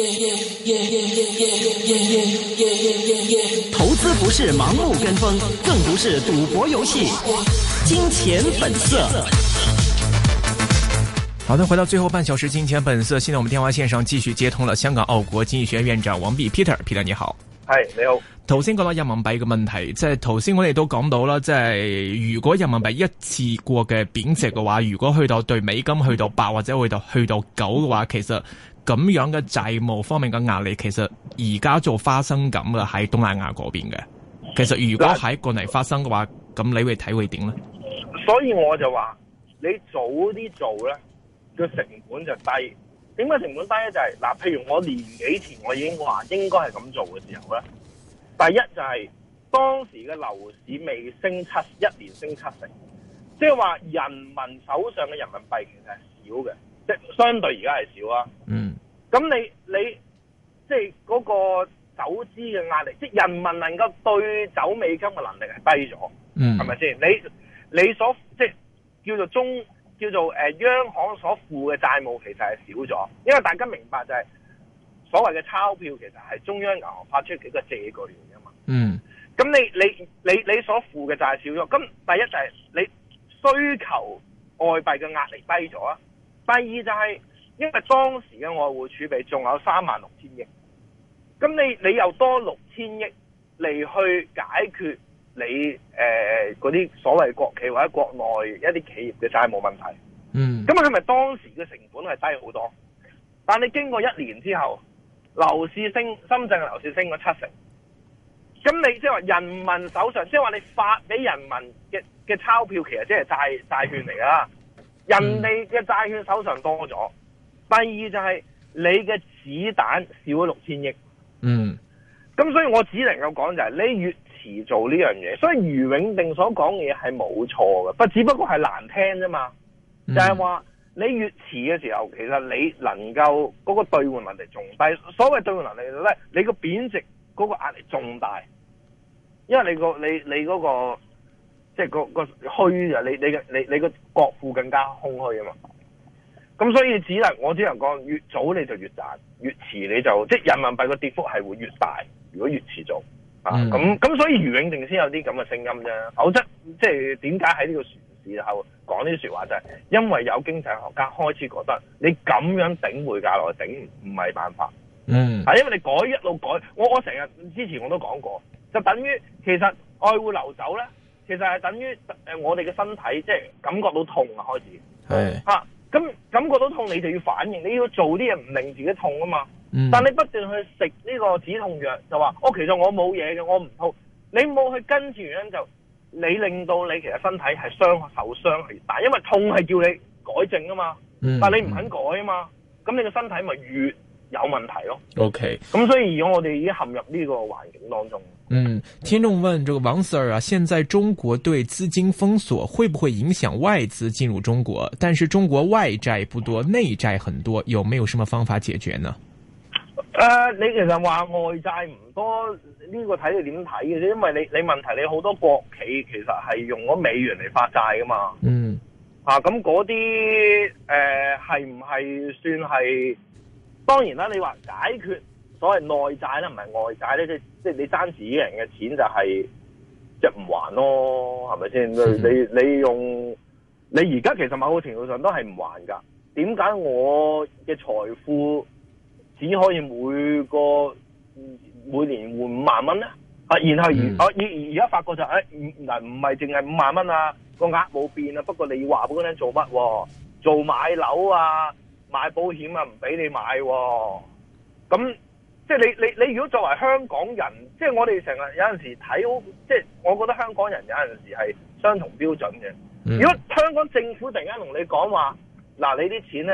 Yeah, yeah, yeah, yeah, yeah, yeah, yeah, yeah, 投資不是盲目跟風，更不是賭博遊戲。金錢本色。Oh, 好的，回到最後半小時，《金錢本色》。現在我們電話線上繼續接通了香港澳國經濟學院院長王弼 Peter，Peter Peter, 你好。係你好。頭先講到人民幣嘅問題，即係頭先我哋都講到啦，即係如果人民幣一次過嘅貶值嘅話，如果去到對美金去到八或者去到去到九嘅話，其實。咁樣嘅債務方面嘅壓力，其實而家做花生咁嘅喺東南亞嗰邊嘅，其實如果喺過嚟花生嘅話，咁你會睇會點呢？所以我就話你早啲做呢，個成本就低。點解成本低呢？就係嗱，譬如我年幾前我已經話應該係咁做嘅時候呢。第一就係當時嘅樓市未升七，一年升七成，即係話人民手上嘅人民幣其實係少嘅，即相對而家係少啊。嗯。咁你你即係嗰個走資嘅壓力，即係人民能夠兌走美金嘅能力係低咗，係咪先？你你所即係叫做中叫做誒、呃、央行所負嘅債務其實係少咗，因為大家明白就係所謂嘅鈔票其實係中央銀行發出幾個借據嚟噶嘛。嗯，咁你你你你所付嘅債少咗，咁第一就係你需求外幣嘅壓力低咗啊，第二就係、是。因為當時嘅外匯儲備仲有三萬六千億，咁你你又多六千億嚟去解決你誒嗰啲所謂國企或者國內一啲企業嘅債務問題，嗯，咁係咪當時嘅成本係低好多？但你經過一年之後，樓市升，深圳嘅樓市升咗七成，咁你即係話人民手上，即係話你發俾人民嘅嘅鈔票，其實即係債債券嚟啦，人哋嘅債券手上多咗。嗯。第二就係你嘅子彈少咗六千億，嗯，咁所以我只能夠講就係你越遲做呢樣嘢，所以余永定所講嘅嘢係冇錯嘅，不只不過係難聽啫嘛、嗯，就係、是、話你越遲嘅時候，其實你能夠嗰個兌換能力仲低，所謂兌換能力低，你貶那個貶值嗰個壓力仲大，因為你個你你個即係個個虛啊，你你嘅、那個就是那個那個、你你個國庫更加空虛啊嘛。咁所以只能我只能講，越早你就越賺，越遲你就即係人民幣個跌幅係會越大。如果越遲做、mm. 啊，咁咁所以余永定先有啲咁嘅聲音啫。否則即係點解喺呢個時時候講呢啲說話、就係？就係因為有經濟學家開始覺得你咁樣頂匯價落去頂唔係辦法。嗯，係因為你改一路改，我我成日之前我都講過，就等於其實外匯流走咧，其實係等於我哋嘅身體即係感覺到痛啊開始、mm. 啊咁感覺到痛，你就要反應，你要做啲嘢唔令自己痛啊嘛、嗯。但你不斷去食呢個止痛藥，就話哦，其實我冇嘢嘅，我唔痛。你冇去跟住原因就，就你令到你其實身體係傷後傷係越大，但因為痛係叫你改正啊嘛、嗯。但你唔肯改啊嘛，咁、嗯、你個身體咪越。有問題咯。OK，咁、嗯、所以我哋已經陷入呢個環境當中。嗯，聽眾問，這個王 Sir 啊，現在中國對資金封鎖會不會影響外資進入中國？但是中國外債不多，內債很多，有沒有什麼方法解決呢？誒、呃，你其實話外債唔多，呢個睇你點睇嘅啫。因為你你問題，你好多國企其實係用咗美元嚟發債噶嘛。嗯。啊，咁嗰啲誒係唔係算係？當然啦，你話解決所謂內債啦，唔係外債咧，即係、即係、你爭自己人嘅錢就係即唔還咯，係咪先？你你用你而家其實某個程度上都係唔還噶。點解我嘅財富只可以每個每年換五萬蚊咧？啊，然後、嗯啊、而而而家發覺就誒嗱唔係淨係五萬蚊啊，個額冇變啊，不過你要話俾我聽做乜、啊？做買樓啊！買保險啊，唔俾你買喎！咁即係你你你如果作為香港人，即係我哋成日有陣時睇好，即係我覺得香港人有陣時係相同標準嘅。如果香港政府突然間同你講話，嗱你啲錢咧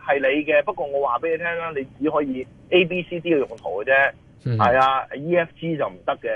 係你嘅，不過我話俾你聽啦，你只可以 A、B、C、D 嘅用途嘅啫，係啊 E、F、G 就唔得嘅。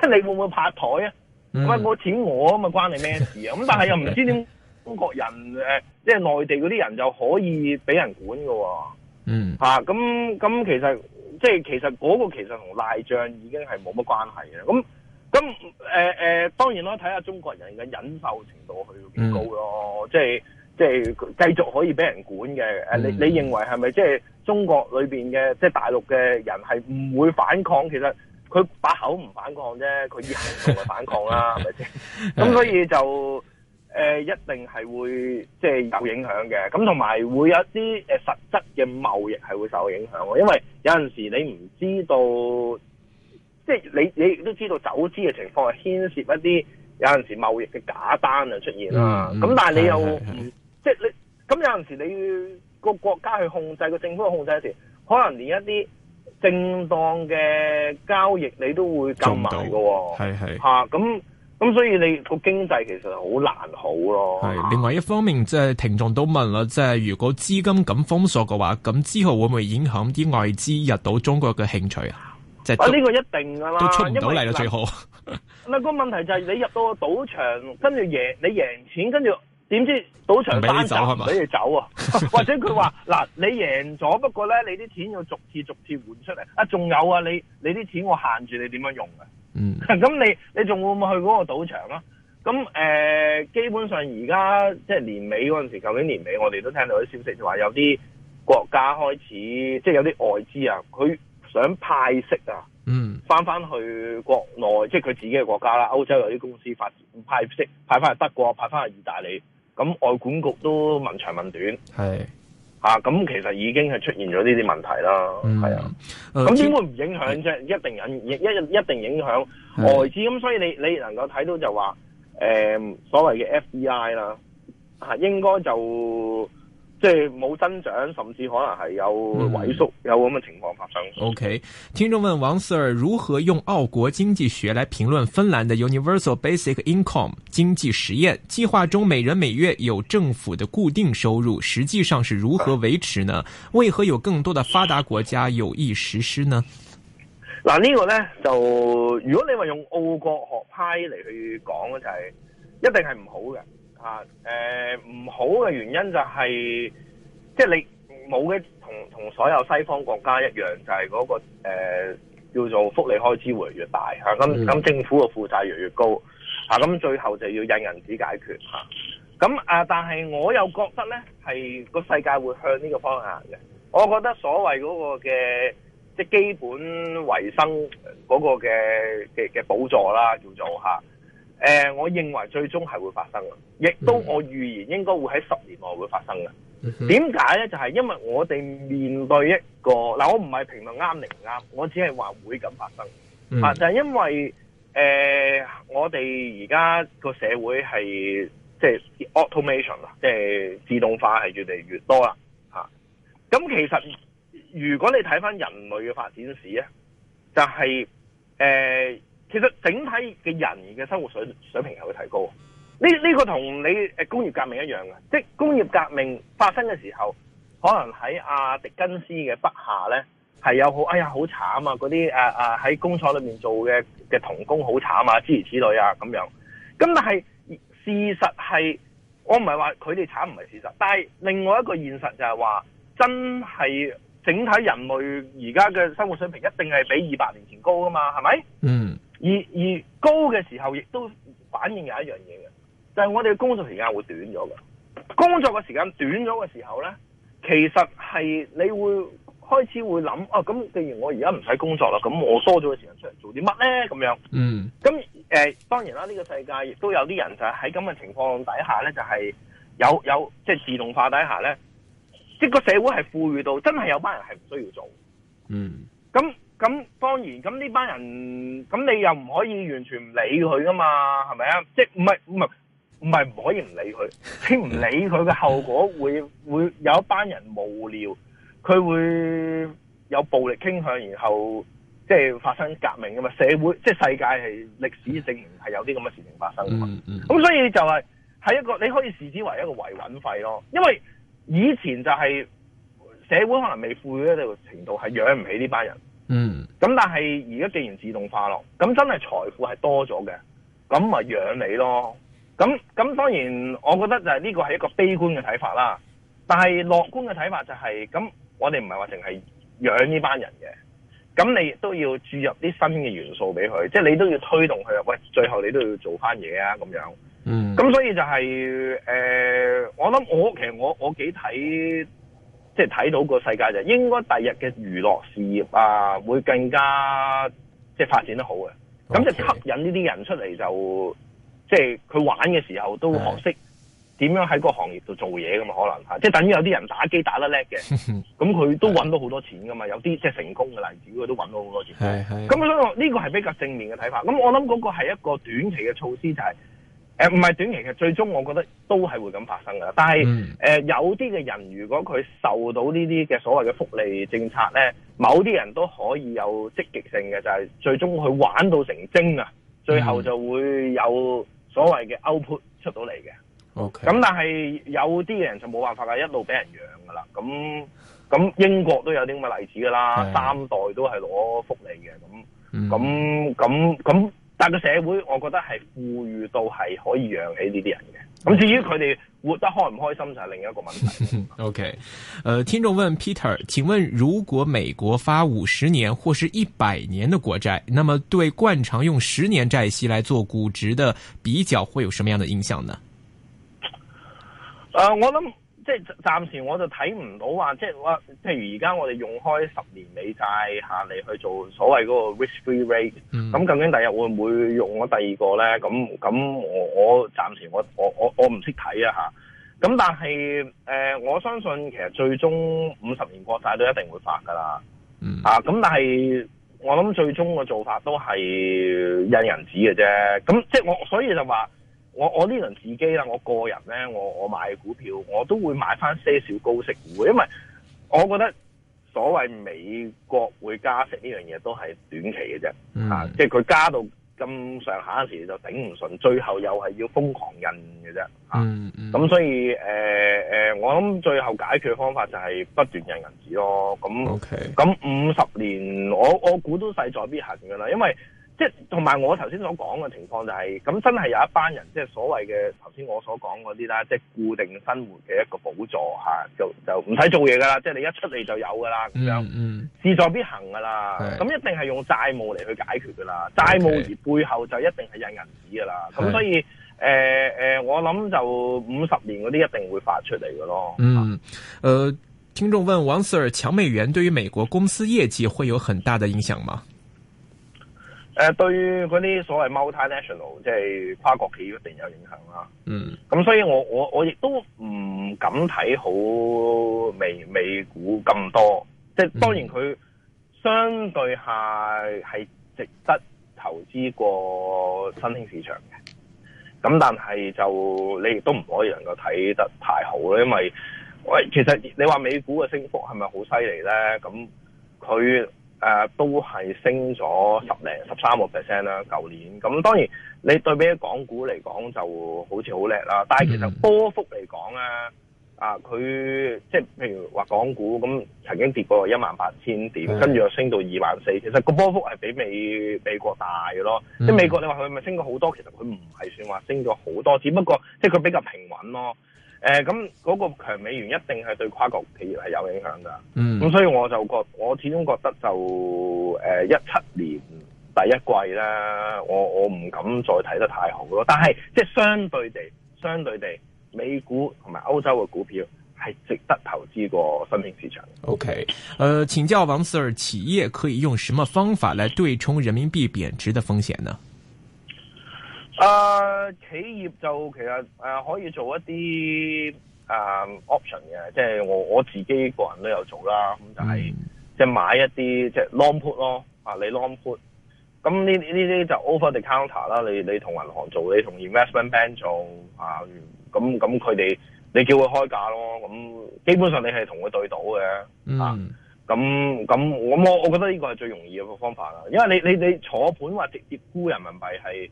即係你會唔會拍台啊？關我錢我啊嘛，關你咩事啊？咁 但係又唔知點。中國人誒、呃，即係內地嗰啲人就可以俾人管噶、哦，嗯，吓咁咁，其實即係其實嗰個其實同賴賬已經係冇乜關係嘅。咁咁誒誒，當然啦，睇下中國人嘅忍受程度去到幾高咯、哦嗯，即係即係繼續可以俾人管嘅。誒、嗯，你你認為係咪即係中國裏邊嘅即係大陸嘅人係唔會反抗？其實佢把口唔反抗啫，佢以行動嚟反抗啦，係咪先？咁所以就。 誒、呃，一定係會即係有影響嘅，咁同埋會有一啲誒實質嘅貿易係會受影響，因為有陣時你唔知道，即係你你亦都知道走資嘅情況係牽涉一啲有陣時貿易嘅假單啊出現啦，咁、嗯、但係你又唔是是是即係你，咁有陣時你要個國家去控制個政府去控制時候，有時可能連一啲正當嘅交易你都會禁埋噶，係係吓咁。是是啊咁所以你個經濟其實好難好咯。係另外一方面，即係聽眾都問啦，即係如果資金咁封鎖嘅話，咁之後會唔會影響啲外資入到中國嘅興趣、即係、即啊？即係呢個一定噶啦，都出唔到嚟啦最好。嗱 個問題就係你入到個賭場，跟住贏你贏錢，跟住點知賭場俾你走？係咪？俾你走啊？ 或者佢話嗱你贏咗，不過咧你啲錢要逐次逐次換出嚟。啊仲有啊你你啲錢我限住你點樣用嘅？嗯，咁 你你仲會唔會去嗰個賭場啊？咁誒、呃，基本上而家即係年尾嗰陣時，究竟年尾我哋都聽到啲消息，就話有啲國家開始即係有啲外資啊，佢想派息啊，嗯，翻翻去國內，即係佢自己嘅國家啦。歐洲有啲公司發派息，派翻去德國，派翻去意大利，咁外管局都問長問短，係。咁、啊、其實已經係出現咗呢啲問題啦，係、嗯、啊，咁點會唔影響啫、嗯？一定影一一定影響外資，咁所以你你能夠睇到就話，誒、呃、所謂嘅 FDI 啦，應該就。即係冇增長，甚至可能係有萎縮，嗯、有咁嘅情況發生。OK，聽眾問王 Sir 如何用澳國經濟學來評論芬蘭的 Universal Basic Income 經濟實驗計劃中，每人每月有政府的固定收入，實際上是如何維持呢？為何有更多的發達國家有意實施呢？嗱，呢個咧，就如果你話用澳國學派嚟去講咧就係、是、一定係唔好嘅。啊，誒唔好嘅原因就係、是，即係你冇嘅同同所有西方國家一樣，就係、是、嗰、那個、呃、叫做福利開支越嚟越大咁咁、嗯、政府嘅負債越嚟越高，咁、啊、最後就要印銀紙解決咁啊，但係我又覺得咧，係個世界會向呢個方向行嘅。我覺得所謂嗰個嘅即係基本衞生嗰個嘅嘅嘅補助啦，叫做、啊誒、呃，我認為最終係會發生嘅，亦都我預言應該會喺十年內會發生嘅。點解咧？就係、是、因為我哋面對一個嗱、呃，我唔係評論啱定唔啱，我只係話會咁發生、mm -hmm. 啊！就係、是、因為誒、呃，我哋而家個社會係即係 automation 啦，即係自動化係越嚟越多啦。吓、啊，咁其實如果你睇返人類嘅發展史咧，就係、是、誒。呃其實整體嘅人嘅生活水水平係會提高，呢、這、呢個同你誒工業革命一樣嘅，即係工業革命發生嘅時候，可能喺阿狄根斯嘅筆下呢，係有好哎呀好慘啊，嗰啲誒誒喺工廠裏面做嘅嘅童工好慘啊，諸如此類啊咁樣。咁但係事實係，我唔係話佢哋慘唔係事實，但係另外一個現實就係話，真係整體人類而家嘅生活水平一定係比二百年前高噶嘛，係咪？嗯。而而高嘅時候，亦都反映有一樣嘢嘅，就係我哋嘅工作時間會短咗嘅。工作嘅時間短咗嘅時候咧，其實係你會開始會諗啊，咁既然我而家唔使工作啦，咁我多咗嘅時間出嚟做啲乜咧？咁樣，嗯，咁誒，當然啦，呢個世界亦都有啲人就喺咁嘅情況底下咧，就係有有即係自動化底下咧，即個社會係富裕到真係有班人係唔需要做，嗯，咁。咁當然，咁呢班人咁你又唔可以完全唔理佢噶嘛？係咪啊？即唔係唔係唔係唔可以唔理佢？你唔理佢嘅後果會會有一班人無聊，佢會有暴力傾向，然後即係發生革命噶嘛？社會即係世界係歷史性係有啲咁嘅事情發生噶嘛？咁、嗯嗯、所以就係、係、係一個你可以視之為一個維穩費咯，因為以前就係社會可能未富裕嘅程度係養唔起呢班人。嗯，咁但係而家既然自動化咯，咁真係財富係多咗嘅，咁咪養你咯。咁咁當然，我覺得就係呢個係一個悲觀嘅睇法啦。但係樂觀嘅睇法就係，咁我哋唔係話淨係養呢班人嘅，咁你都要注入啲新嘅元素俾佢，即係你都要推動佢。喂，最後你都要做翻嘢啊咁樣。嗯，咁所以就係，誒、呃，我諗我其實我我幾睇。即係睇到個世界就應該第日嘅娛樂事業啊，會更加即係發展得好嘅。咁、okay。就吸引呢啲人出嚟就，即係佢玩嘅時候都學識點樣喺個行業度做嘢噶嘛，可能嚇，即係等於有啲人打機打得叻嘅，咁 佢都揾到好多錢噶嘛。有啲即係成功嘅例子，佢都揾到好多錢。咁所以呢個係比較正面嘅睇法。咁我諗嗰個係一個短期嘅措施就係、是。誒唔係短期嘅，最終我覺得都係會咁發生嘅。但係誒、嗯呃、有啲嘅人，如果佢受到呢啲嘅所謂嘅福利政策咧，某啲人都可以有積極性嘅，就係、是、最終佢玩到成精啊，最後就會有所謂嘅 output 出到嚟嘅。O、嗯、K。咁但係有啲嘅人就冇辦法㗎，一路俾人養㗎啦。咁咁英國都有啲咁嘅例子㗎啦，三代都係攞福利嘅。咁咁咁咁。嗯那那那但個社會，我覺得係富裕到係可以養起呢啲人嘅。咁、okay. 至於佢哋活得開唔開心，就係另一個問題。 OK，呃聽眾問 Peter，請問如果美國發五十年或是一百年的國債，那麼對慣常用十年債息嚟做估值的比較，會有什麼樣的影響呢？呃、我諗。即係暫時我就睇唔到話即係話譬如而家我哋用開十年美債下嚟去做所謂嗰個 risk-free rate，咁、嗯嗯、究竟第日會唔會用咗第二個咧？咁咁我我暫時我我我我唔識睇啊，咁但係誒、呃，我相信其實最終五十年國債都一定會發噶啦，嗯、啊！咁但係我諗最終嘅做法都係印銀紙嘅啫。咁即係我所以就話。我我呢輪自己啦，我個人咧，我我買嘅股票，我都會買返些少高息股，因為我覺得所謂美國會加息呢樣嘢都係短期嘅啫、嗯，啊，即係佢加到咁上下時就頂唔順，最後又係要瘋狂印嘅啫、嗯嗯，啊，咁所以誒誒、呃，我諗最後解決方法就係不斷印銀紙咯，咁，ok，咁五十年我我估都勢在必行噶啦，因為。即係同埋我頭先所講嘅情況就係、是，咁真係有一班人，即係所謂嘅頭先我所講嗰啲啦，即係固定生活嘅一個補助吓，就就唔使做嘢噶啦即係你一出嚟，就有噶啦咁樣，事在必行噶啦咁一定係用債務嚟，去解決噶啦債、okay, 務而背後就一定係印銀紙噶啦咁所以誒誒、呃，我諗就五十年嗰啲一定會發出嚟噶咯。嗯，誒、呃，聽眾問王 Sir，強美元對於美國公司業績會有很大的影響嗎？誒、呃、對於嗰啲所謂 multinational 即係跨國企業一定有影響啦。嗯，咁所以我我我亦都唔敢睇好美美股咁多。即係當然佢相對下係值得投資過新興市場嘅。咁但係就你亦都唔可以能夠睇得太好啦，因為喂，其實你話美股嘅升幅係咪好犀利咧？咁佢，誒、呃、都係升咗十零十三個 percent 啦，舊年咁當然你對比啲港股嚟講，就好似好叻啦。但係其實波幅嚟講咧，啊、呃、佢即係譬如話港股咁曾經跌過一萬八千點，跟住又升到二萬四，其實個波幅係比美美國大嘅咯。嗯、即係美國你話佢咪升咗好多，其實佢唔係算話升咗好多，只不過即係佢比較平穩咯。誒、呃，咁嗰個強美元一定係對跨國企業係有影響噶。嗯，咁所以我就覺得，我始終覺得就誒一七年第一季咧，我我唔敢再睇得太好咯。但係即係相對地，相對地，美股同埋歐洲嘅股票係值得投資過新興市場。O K，誒，請教王 Sir，企業可以用什麼方法嚟對沖人民幣貶值嘅風險呢？啊、uh,！企業就其實誒、uh, 可以做一啲啊、uh, option 嘅，即係我我自己個人都有做啦。咁就係即係買一啲、mm. 即係 long put 咯。啊，你 long put 咁呢？呢啲就 over the counter 啦。你你同銀行做，你同 investment bank 做啊。咁咁佢哋你叫佢開價咯。咁基本上你係同佢對賭嘅、mm. 啊。咁咁我我我覺得呢個係最容易嘅個方法啦，因為你你你坐盤話直接沽人民幣係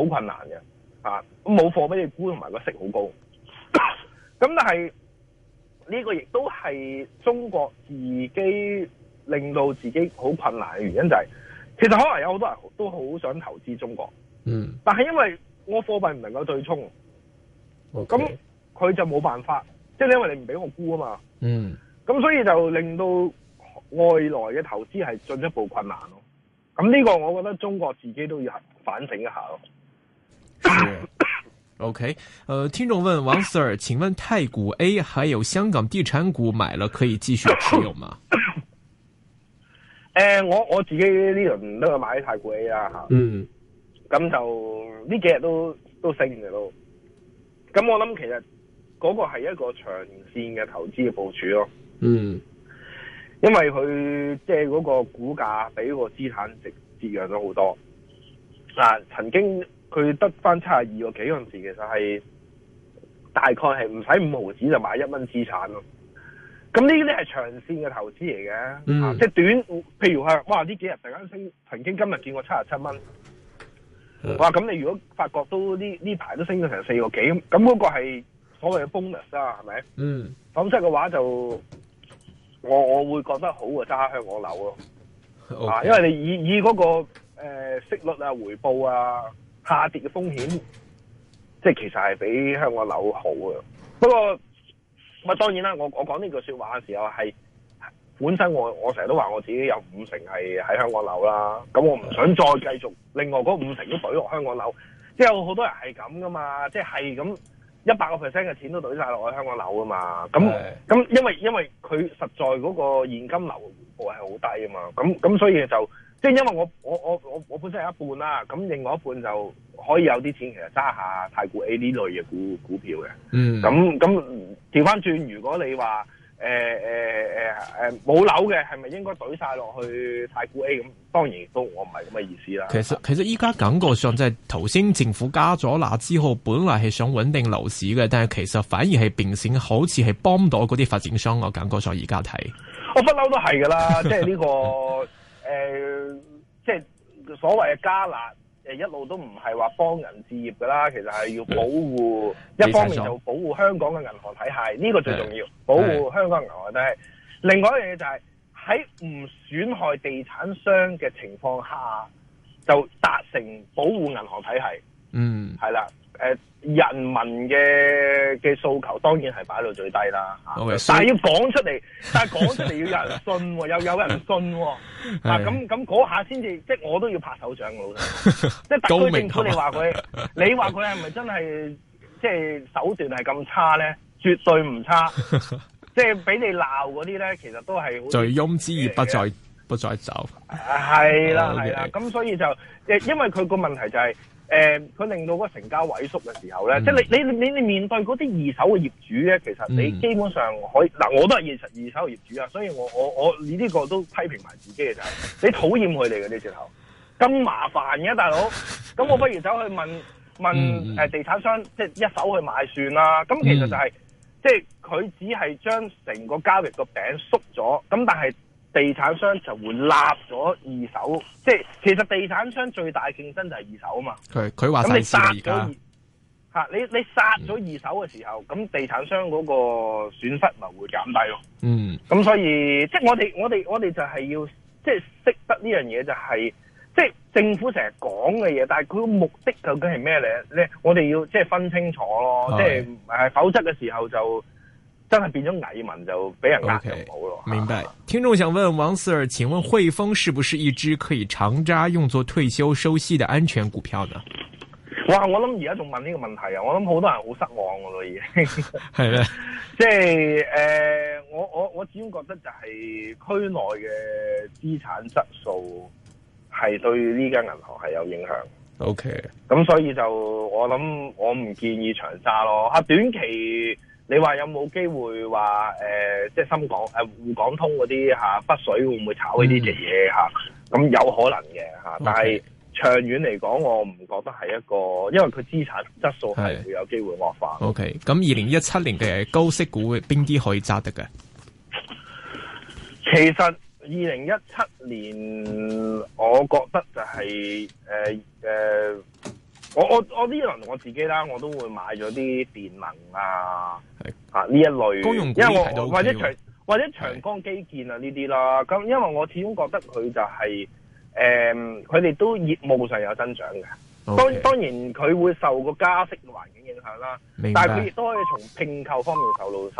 好困難嘅，吓冇貨俾你沽，同埋個息好高。咁 但係呢、這個亦都係中國自己令到自己好困難嘅原因、就是，就係其實可能有好多人都好想投資中國，嗯，但係因為我貨幣唔能夠對沖，咁、okay. 佢就冇辦法，即、就、係、是、因為你唔俾我沽啊嘛，嗯，咁所以就令到外來嘅投資係進一步困難咯。咁呢個我覺得中國自己都要反省一下咯。是 OK、呃。聽眾問王 Sir，請問太古 A 還有香港地產股買了可以繼續持有嗎？誒、呃，我我自己呢輪都有買太古 A 啦，吓、嗯，咁就呢幾日都都升嘅咯。咁我諗其實嗰個係一個長線嘅投資嘅部署咯。嗯，因為佢即係嗰個股價比個資產值折讓咗好多嗱、呃，曾經。佢得翻七廿二個幾嗰陣時，其實係大概係唔使五毫紙就買一蚊資產咯。咁呢啲係長線嘅投資嚟嘅、嗯啊，即係短，譬如係哇呢幾日突然間升，曾經今日見過七廿七蚊。哇！咁你如果發覺都呢呢排都升咗成四個幾，咁嗰個係所謂嘅 bonus 啦，係咪？嗯。否則嘅話就我我會覺得好啊，揸香港樓咯。Okay. 啊，因為你以以嗰、嗰個、呃、息率啊、回報啊，下跌嘅風險，即係其實係比香港樓好啊。不過，唔係當然啦。我我講呢句説話嘅時候係本身我我成日都話我自己有五成係喺香港樓啦。咁我唔想再繼續，另外嗰五成都懟落香港樓。即有好多人係咁噶嘛，即係係咁一百個 percent 嘅錢都懟晒落去香港樓啊嘛。咁咁因為因為佢實在嗰個現金流係好低啊嘛。咁咁所以就。即係因為我我我我我本身係一半啦，咁另外一半就可以有啲錢其實揸下太古 A 呢類嘅股股票嘅。嗯。咁咁調返轉，如果你話誒冇樓嘅，係咪應該懟晒落去太古 A 咁？當然亦都我唔係咁嘅意思啦。其實其實依家感覺上即係頭先政府加咗辣之後本來係想穩定樓市嘅，但係其實反而係變成好似係幫到嗰啲發展商。我感覺上而家睇，我不嬲都係㗎啦，即係呢個。 誒、呃，即係所謂嘅加辣，誒一路都唔係話幫人置業噶啦，其實係要保護，一方面就保護香港嘅銀行體系，呢、這個最重要，保護香港嘅銀行體系。但係另外一樣嘢就係喺唔損害地產商嘅情況下，就達成保護銀行體系。嗯，係啦，誒、呃，人民嘅嘅訴求當然係擺到最低啦、嗯，但係要講出嚟， 但係講出嚟 要有人信、喎，又有人信、喎。嗱咁咁嗰下先至，即係我都要拍手掌咯。 即係特區政府， 你話說佢他， 你話佢係咪真係即係手段係咁差咧？絕對唔差。 即係俾你鬧嗰啲咧，其實都係好。醉 翁之意不在不再走。係啦係啦，咁、okay。所以就，誒，因為佢個問題就係、是。誒、呃，佢令到個個成交萎縮嘅時候咧、嗯，即你你你你面對嗰啲二手嘅業主咧，其實你基本上可以嗱、嗯啊，我都係二手二手嘅業主啊，所以我我我你呢個都批評埋自己嘅就係，你討厭佢哋嘅呢時候咁麻煩嘅、啊、大佬，咁我不如走去問問誒、嗯呃、地產商，即一手去買算啦。咁其實就係、是嗯、即佢只係將成個交易個餅縮咗，咁但係。地產商就會立咗二手，即係其實地產商最大競爭就係二手啊嘛。佢佢話殺咗吓你殺你殺咗二手嘅時候，咁、嗯、地產商嗰個損失咪會減低咯。嗯，咁所以即係我哋我哋我哋就係要即係識得呢樣嘢，就係即係政府成日講嘅嘢，但係佢個目的究竟係咩咧咧？我哋要即係分清楚咯，嗯、即係誒，否則嘅時候就。真係變咗偽文就俾人呃，就好咯。明白。聽眾想問王 Sir，請問匯豐是不是一支可以長揸用作退休收息嘅安全股票呢？哇！我諗而家仲問呢個問題啊！我諗好多人好失望噶咯，已經係咩？即係誒，我我我始終覺得就係區內嘅資產質素係對呢間銀行係有影響。OK。咁所以就我諗我唔建議長揸咯。啊，短期。你話有冇機會話誒、呃，即係深港誒滬、呃、港通嗰啲嚇北水會唔會炒呢啲嘅嘢嚇？咁、嗯啊、有可能嘅嚇，啊 okay。但係長遠嚟講，我唔覺得係一個，因為佢資產質素係會有機會惡化。O K，咁二零一七年嘅高息股邊啲可以揸得嘅？其實二零一七年，我覺得就係誒誒。呃呃我我我呢輪我自己啦，我都會買咗啲電能啊，係啊呢一類，用因為我、啊、或者長或者長江基建啊呢啲啦，咁因為我始終覺得佢就係誒佢哋都業務上有增長嘅、okay。當當然佢會受個加息嘅環境影響啦，但係佢亦都可以從拼購方面受到受。